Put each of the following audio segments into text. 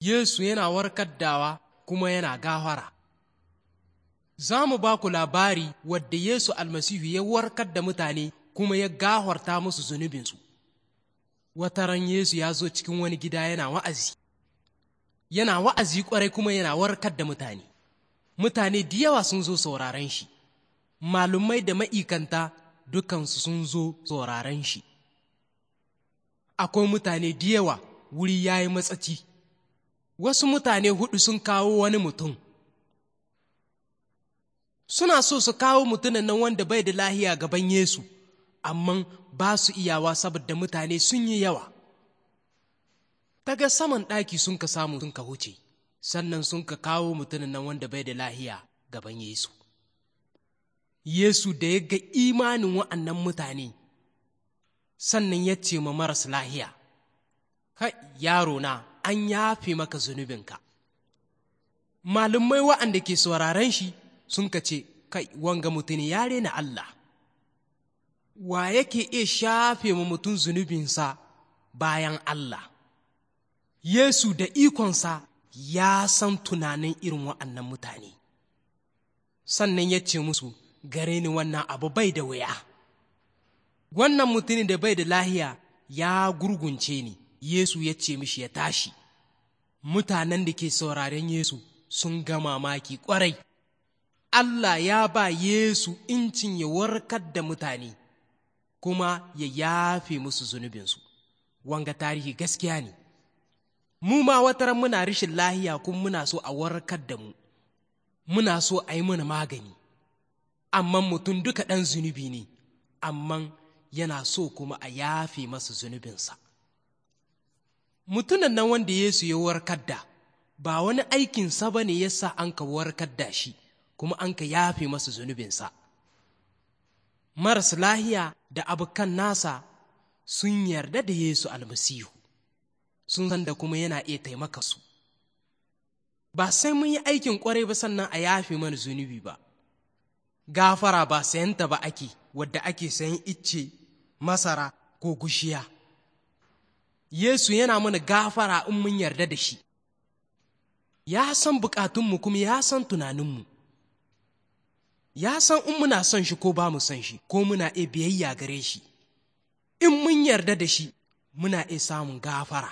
Yesu yana warkar dawa kuma yana gahara. Za mu ba ku labari wadda Yesu almasihu ya warkar da mutane kuma ya gaharta musu zunubinsu. Wata ran Yesu ya zo cikin wani gida yana wa'azi. Yana wa'azi kwarai kuma yana warkar da mutane. Mutane da yawa sun zo sauraren shi. Malumai da ma'ikanta dukansu sun zo sauraren shi. Akwai mutane da yawa wuri ya yi matsaci. wasu mutane hudu sun kawo wani mutum suna so su kawo mutumin nan wanda bai da lahiya gaban Yesu amma ba su iyawa saboda mutane sun yi yawa daga saman ɗaki sun ka samu sun ka huce sannan sun ka kawo mutumin nan wanda bai da lahiya gaban Yesu Yesu da ya ga imanin wa'annan mutane sannan ya ce ma maras lahiya, yaro na, an yafe maka zunubinka malumai wa'anda ke sauraren shi sun ka ce kai wanga mutum ya na Allah wa yake iya shafe ma mutum zunubinsa bayan Allah Yesu da ikonsa ya san tunanin irin wa'annan mutane sannan ya ce musu gare ni wannan abu bai da wuya wannan mutumin da bai da lahiya ya gurgunce ni Yesu ya ce mishi ya tashi mutanen da ke sauraren Yesu sun ga mamaki kwarai. Allah ya ba Yesu incin ya warkar da mutane kuma ya yafe musu zunubinsu, wanga tarihi gaskiya ne. Mu ma watar muna rashin lahiya kuma muna so a warkar da mu, muna so a yi mana magani, amma mutum duka ɗan zunubi ne, amma yana so kuma a yafe masa zunubinsa. mutunan nan wanda Yesu ya warkar da ba wani aikinsa ba ne ya sa an ka warkar da shi kuma an ka yafe masa zunubinsa maras lahiya da abokan nasa sun yarda da Yesu almasihu sun san da kuma yana iya taimaka su ba sai mun yi aikin kwarai ba sannan a yafe mana zunubi ba gafara ba sayanta ba ake wadda ake sayan icce masara ko gushiya Yesu yana mana gafara in mun yarda da shi, ya san bukatunmu kuma ya san tunaninmu, ya san in muna son shi ko ba mu son shi, ko muna iya biyayya gare shi, in mun yarda da shi muna iya samun gafara.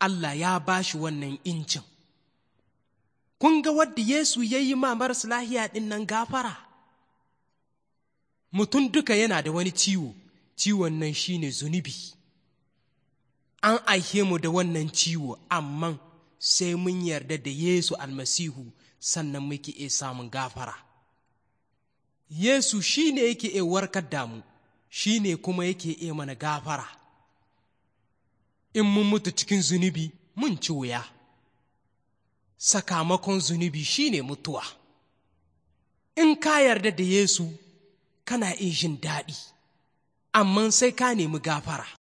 Allah ya ba shi wannan incin. Kun ga wadda Yesu ya yi marasa lahiya ɗin nan gafara? Mutum duka yana da wani ciwo, ciwon nan shi ne zunubi. an aihe mu da wannan ciwo amma sai mun yarda da Yesu almasihu sannan muke iya samun gafara Yesu shi ne yake iya warkar damu shi ne kuma yake iya mana gafara in mun mutu cikin zunubi mun ci wuya sakamakon zunubi shi ne mutuwa in ka yarda da Yesu kana iya jin daɗi amma sai ka nemi gafara